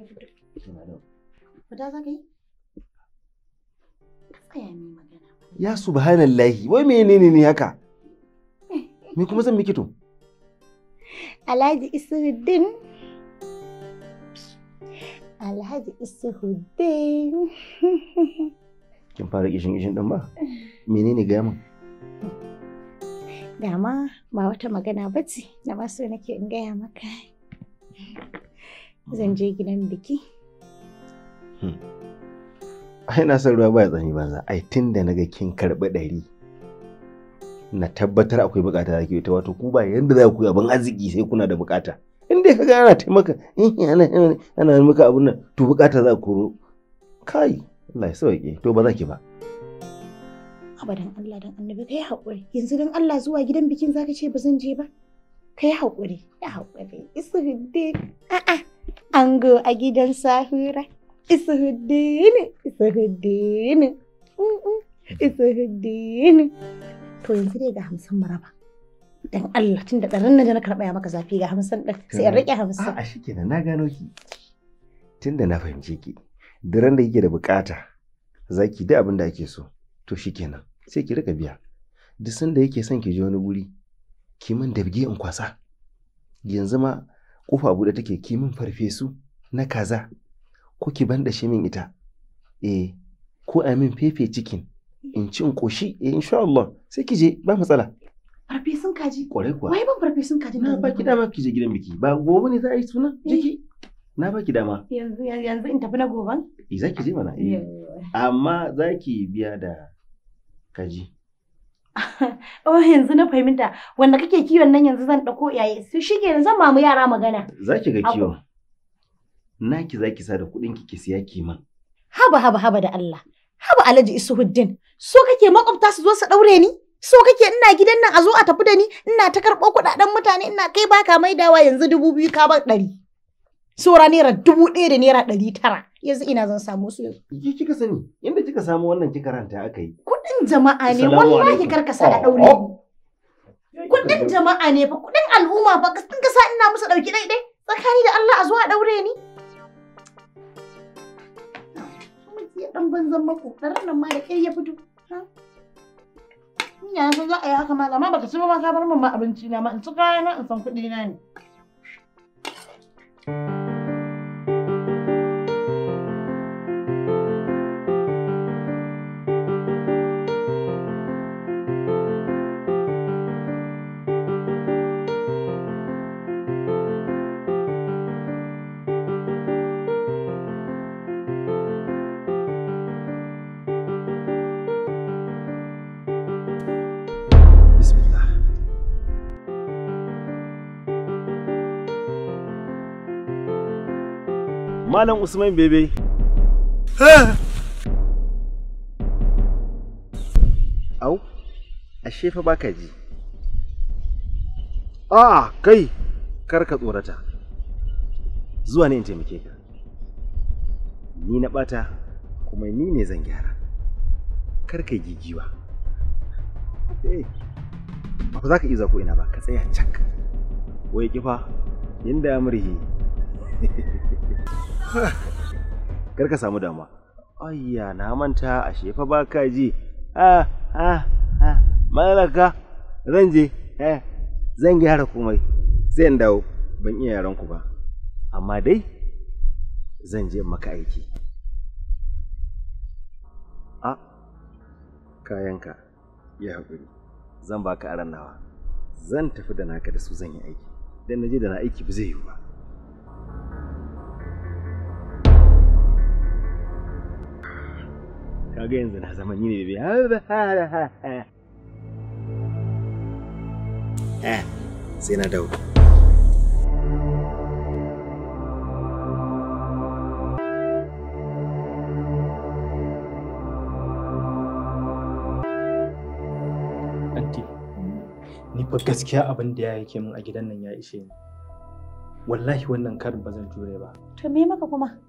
ya fito. Fita za ka yi? Tsaya magana. Ya subhanallahi, wai menene ne haka? Me kuma zan miki to? Alhaji Isuruddin, Alhaji Isuruddin. Kin fara kishin kishin din ba? Menene gaya min? Dama ba wata magana bace, da ma so nake in gaya maka. zan je gidan biki hmm. ai na san ruwa ba ya tsani banza ai tun da naga kin karɓi ɗari na tabbatar akwai bukata da ke ta wato ku ba yanda za ku yi abin arziki sai kuna da bukata in ka kaga ana taimaka eh, ana ana maka abun nan to bukata za ku ro kai Allah ya sauke to ba za ki ba abadan Allah dan annabi kai haƙuri yanzu dan Allah zuwa gidan bikin zaka ce ba zan je ba kai haƙuri ya haƙuri isu a'a Ango a gidan Sahura. Isahuddini, Isahuddini, mm, mm. Isahuddini. To yanzu dai ga hamsin maraba. Dan Allah tun da tsaron nan da na karɓa ya maka zafi ga hamsin ɗin sai in riƙe hamsin. A'a shi kenan na gano ki. Tun da na fahimce ki, daren da kike da bukata za ki da abin da ake so. To shi kenan sai ki rika biya. Duk sanda yake son ki je wani guri, ki man dabge in kwasa. Yanzu ma kofa buɗe take ki min farfesu na kaza ko ki shi min ita eh ko a min fefe cikin in ci in koshi eh insha Allah sai ki je ba matsala sun kaji kwarai kuwa wai ban sun kaji na ba ki dama ki je gidan biki ba gobe ne za a yi suna eh. jiki na ba ki dama yanzu yanzu in tafi na goban eh za ki je mana eh amma za ki biya da kaji Oh yanzu na fahimta wanda kake kiwon nan yanzu zan ɗauko iyaye su shige zan mamu yara magana. Za ki ga kiwon. Naki za ki sa da kuɗin ki ki siya kiman. Haba haba haba da Allah. Haba Alhaji Isuhuddin. So kake makwabta su zo su daure ni? So kake ina gidan nan a zo a tafi da ni ina ta karɓo kuɗaɗen mutane ina kai baka maidawa yanzu dubu biyu ka bar ɗari. Sora naira dubu ɗaya da naira ɗari tara. Yanzu ina zan samu su yanzu. Ki kika sani yadda kika samu wannan kika ranta aka yi. kudin jama'a ne wallahi kar ka sa a daure oh, oh. kudin jama'a ne fa kudin al'umma fa kin ka sa ina musu dauki dai dai tsakani da Allah a zuwa daure ni ya dan banzan mako nan ma da ya fito ina za a yi haka ma baka ci ba ma ka bar min ma abinci na ma in ci in san kuɗi na ne Malam Usman Bebe. Au, ashe fa baka ji. A'a kai, kar ka tsorata. Zuwa ne in taimake ka. Ni na bata kuma ni ne zan gyara. Kar ka gigiwa. Eh, ba za ka iza ko ina ba, ka tsaya cak. Wai kifa, yanda ya murhi. Kar ka samu dama. Ayya na manta a shefa ba ka ji. Ha, ha, ha, malaka zan je eh zan gyara komai sai in dawo ban iya yaran ku ba. Amma dai zan je maka aiki. A kayanka ya haƙuri zan baka aran nawa zan tafi da naka da su zan yi aiki. Dan na je da na aiki ba zai yi ba. kaga yanzu na zama ni ne bebe Ha? Eh, sai na dawo ni fa gaskiya abin da ya yake min a gidan nan ya ishe ni wallahi wannan karin ba zan jure ba to me maka kuma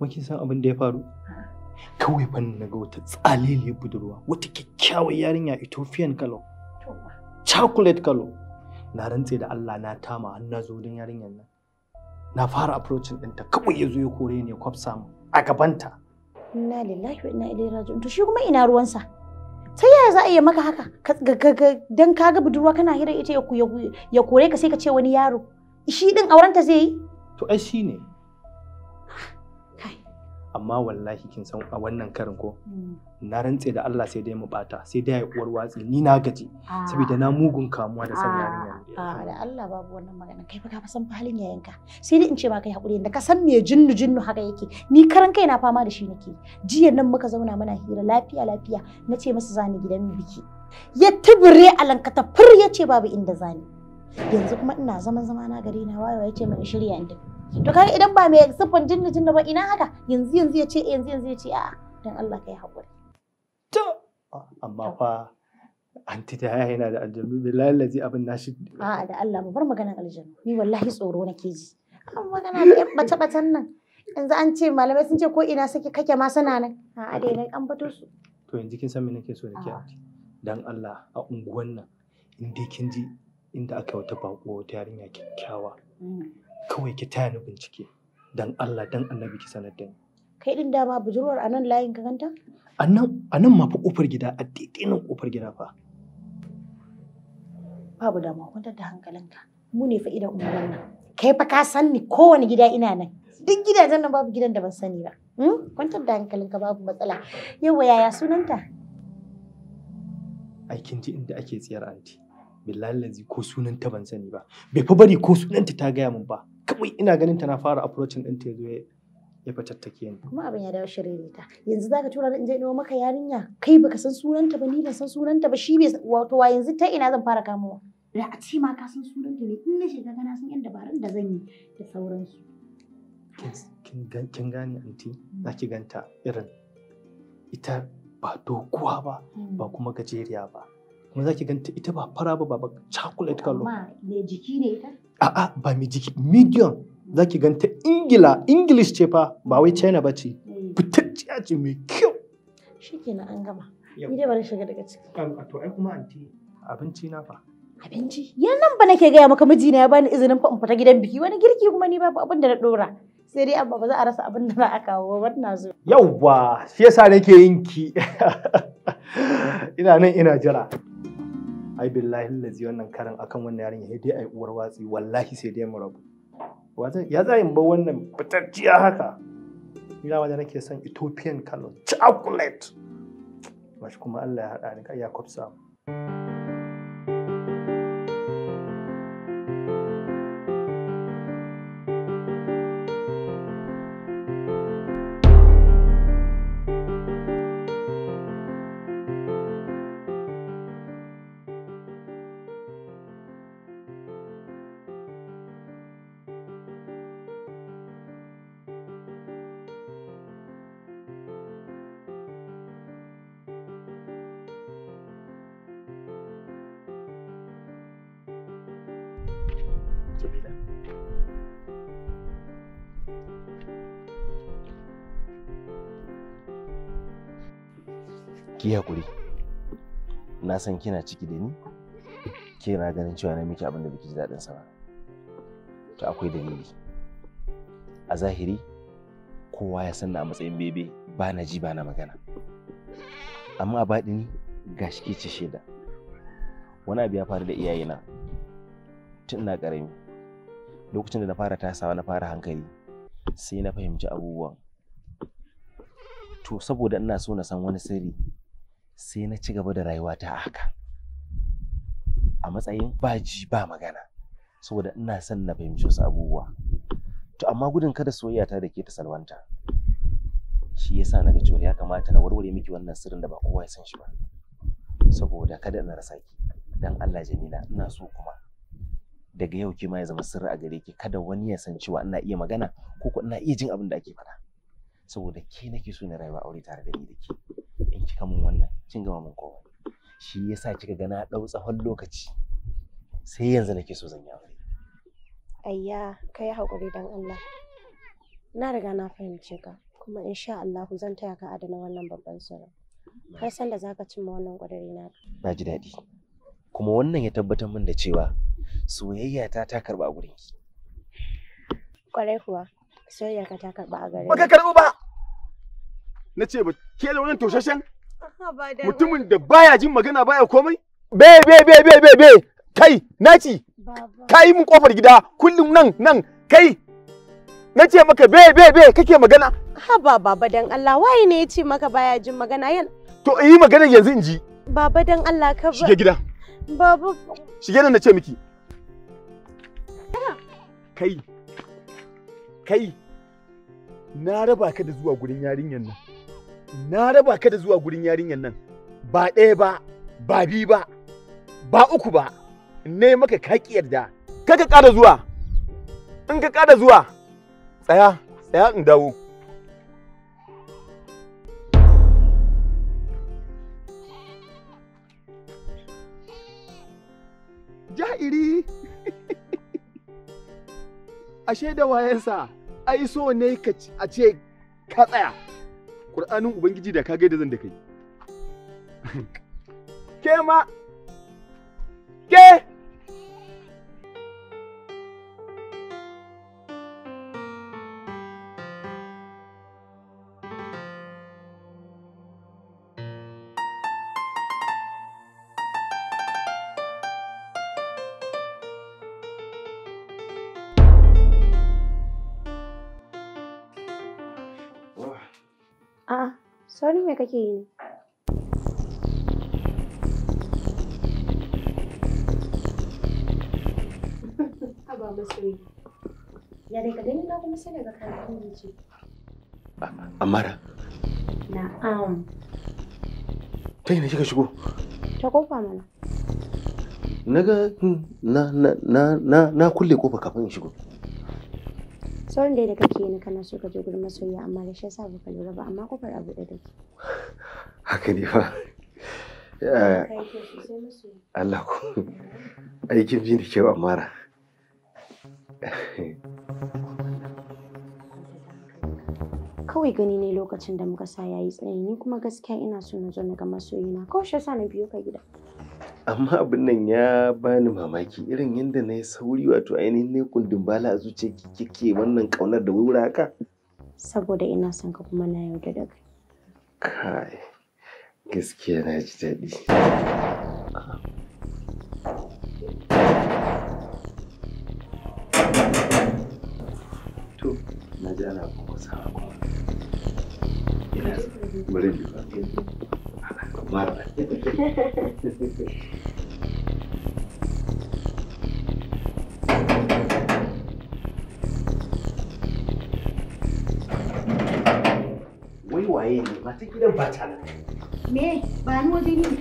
kuma kin san abin da ya faru ah. kawai fan na ga wata tsalili budurwa wata kyakkyawar yarinya Ethiopian kalo chocolate kalo na rantse da Allah na tama an na zo don yarinyar nan na fara approaching ɗinta kawai ya zo ya kore ne kwafsa mu a gabanta inna lillahi wa inna ilaihi raji'un to shi kuma ina ruwansa Sai yaya za a yi maka haka dan ka ga budurwa kana hira ita ya kore ka sai ka ce wani yaro shi din aurenta zai yi to ai shine amma wallahi kin san a wannan karin ko hmm. na rantse da Allah sai dai mu bata sai dai uwar watsi ni na gaji ah. saboda na mugun kamuwa da san ah. yarinya a ah, da Allah babu wannan magana kai fa ka san halin ka sai dai in ce ba kai hakuri da ka san me jinnu jinnu haka yake ni karan kai na fama da shi nake jiya nan muka zauna muna hira lafiya lafiya nace ce masa zani gidan biki ya tubure alankata fur ya ce babu inda zani yanzu kuma ina zaman zama na gari na wayo ya ce shirya inda to kai idan ba mai siffan jinni jinni ba ina haka yanzu yanzu ya ce eh, yanzu yanzu ya ce a'a dan Allah kai hakuri to ah, amma fa anti da yana da aljanu billahi lazi abin nashi a'a da Allah mu bar maganar aljanu ni wallahi tsoro nake ji kan magana da yan bata batan nan yanzu an ce malamai sun ce ko ina sake kake ma sana nan a dai nan an bato su to yanzu kin san me nake so da ke dan Allah a unguwan nan in dai kin ji inda aka wata bako wata yarinya kyakkyawa mm. kawai ki taya ni bincike dan Allah dan annabi ki sanar da ni kai din dama budurwar anan layin ka ganta anan anan ma fa kofar gida a nan kofar gida fa babu dama kwantar da hankalinka mu ne fa idan umar nan kai fa ka san ni kowane gida ina nan duk gidajen nan babu gidan da ban sani ba hmm? kwantar da hankalinka babu matsala yawa yaya sunanta aikin ji inda ake tsayar anti billahi ko sunanta ban sani ba bai fa bari ko sunanta ta gaya min ba kawai ina ganin ta na fara approaching din ta zo ya fatattake ni kuma abin ya dawo shirye ta yanzu zaka tura da in je in maka yarinya kai baka san sunanta ba ni ban san sunanta ba shi bai wato wa yanzu ta ina zan fara kamowa da a ce ma ka san sunanta ne in na shiga kana san yan dabarun da zan yi da sauransu kin gane anti za ki ganta irin ita ba doguwa ba ba hmm. kuma gajeriya ba kuma za ki ganta ita ba fara ba ba chocolate kallo amma me jiki ne ita a'a ba mai jiki million za ki ganta ingila english ce fa ba wai china ba ce hmm. fitacciya ce mai kyau shikenan an gama ni dai na shiga daga ciki to ai kuma anti abinci na fa abinci yan nan ba nake gaya maka mijina ya bani izinin fa in fita gidan biki wani girki kuma ni babu abin da na dora sai dai amma ba za a rasa abin da za a kawo ba na zo yauwa shi yasa nake yin ki ina nan ina jira ai billahi lazi wannan karin akan wannan yarinya ya dai ai uwar watsi wallahi sai dai mu rabu ya za in ba wannan fitacciya haka ni da nake son Ethiopian color chocolate mashi kuma Allah ya haɗa ni ya kwafsa mu ki hakuri na san kina ciki da ni kina ganin cewa na miki abin da biki ji daɗin sa ba to akwai dalili a zahiri kowa ya san na a matsayin bebe ba na ji ba na magana amma a baɗi ni ga shi ce shaida wani abu ya faru da iyayena tun na ƙarami lokacin da na fara tasawa na fara hankali sai na fahimci abubuwan to saboda ina so na san wani sirri sai na ci gaba da rayuwata a haka a matsayin baji ba magana saboda ina son na fahimci wasu abubuwa to amma gudun kada soyayya ta da ke ta salwanta shi yasa na ga cewa ya kamata na warware miki wannan sirrin da ba kowa ya san shi ba saboda kada na rasa ki dan Allah Jamila ina so kuma daga yau ki ma ya zama sirri a gare ki kada wani ya san cewa ina iya magana ko ko ina iya jin abin da ake faɗa saboda ke nake so na rayuwa aure tare da ni da ke kika mun wannan cin gama mun kowa shi yasa kika ga na dau tsawon lokaci sai yanzu nake so zan yi aure ayya kai hakuri dan Allah na riga na fahimce ka kuma insha Allah zan taya ka adana wannan babban sura har san da zaka cimma wannan kudari na na ji daɗi kuma wannan ya tabbatar min da cewa soyayya ta ta karba gurin ki kwarai kuwa soyayya ka ta karba a gare ba ka karba ba na ce ba ke da wannan toshashen Mutumin da baya jin magana baya komai? Be be be be be be kai naci kai mu kofar gida kullum nan nan kai na ce maka be be be kake magana haba baba dan Allah waye ne ya ce maka baya jin magana yan to yi magana yanzu in ji baba dan Allah ka ba shige gida baba shige nan na ce miki kai kai na raba ka da zuwa gurin yarinyan nan na raba ka da zuwa gurin yarinyar nan ba ɗaya ba ba bi ba ba uku ba ne maka kaki yarda kaka ƙara zuwa in ka ƙara zuwa tsaya tsaya in dawo ja'iri ashe da wayansa ai so ne a ce ka tsaya Qur'anin Ubangiji da ka da zan da kai. Ke ma, ke! Sorry, me kake yi ne? Haba Ya dai ka gani na kuma sai daga kan ce. Amara. Na'am. Ta na kika shigo? Ta kofa mana. Na ga na na na na kulle kofa kafin in shigo. sauran da kake yi kana so ka je gurin masoya amma da shi yasa ba ka lura ba amma kofar abu da take haka ne fa eh, Allah ku aikin ji da kyau amara kawai gani ne lokacin da muka sa yayi tsaye ni kuma gaskiya ina so na zo na ga masoyina kawai shi yasa na biyo ka gida amma abin nan ya bani mamaki irin yadda na yi sauri wato ainihin ne kundin bala a zuciya kike wannan kaunar da wura haka saboda ina son ka kuma na yau da kai kai gaskiya na ji daɗi to na ji ana kuma sa bari biyu Marta. Wai waye ne ta gidan ba ta nan. Me ba ni waje ne.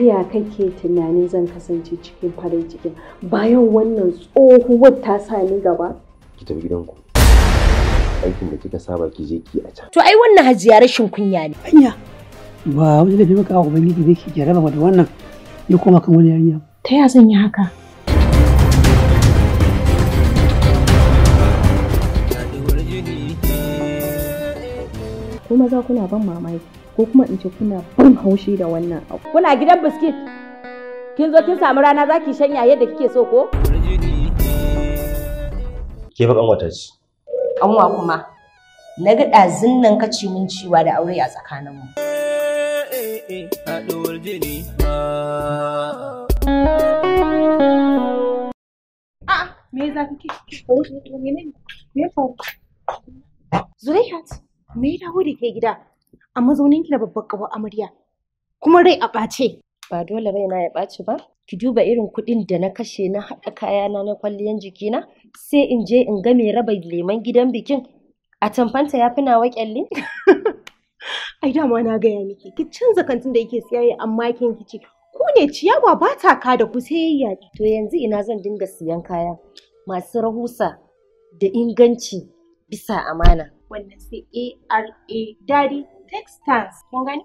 ya kake tunanin zan kasance cikin farin cikin bayan wannan tsohuwar ta sa ni gaba? Ki tafi gidanku. aikin da kika saba ki je ki a can. To ai wannan hajiya rashin kunya ne. Hanya ba wani da taimaka wa ubangiji ne ke jaraba da wannan ya koma kan wani yarinya. Ta ya zan yi haka? Ko maza kuna ban mamaki ko kuma in ce kuna ban haushi da wannan abu. Kuna gidan biskit? Kin zo kin samu rana za ki shanya yadda kike so ko? Ke fa wata ce. Kanwa kuma, na ga ɗazin nan kace mun ciwa da aure a tsakaninmu. A'a, me za Zulaihat, me ya dawo da ke gida a mazauninki da babbar ƙawar amarya, kuma rai a ɓace. ba dole raina ya ɓaci ba ki duba irin kuɗin da na kashe na haɗa kayana na kwalliyan jikina sai in je in ga mai raba leman gidan bikin a tamfanta ya fi nawa kyalli ai dama na gaya miki ki canza kantin da yake siyayya amma kin kici ku ne ciyawa ba ta ka da ku sayayya to yanzu ina zan dinga siyan kaya masu rahusa da inganci bisa amana wannan sai ARA Daddy Textiles kun gani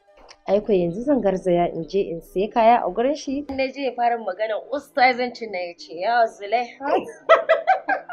aiko yanzu zan garzaya in je in sai kaya a gurin shi na je fara maganar ustazancin na ya ce ya zule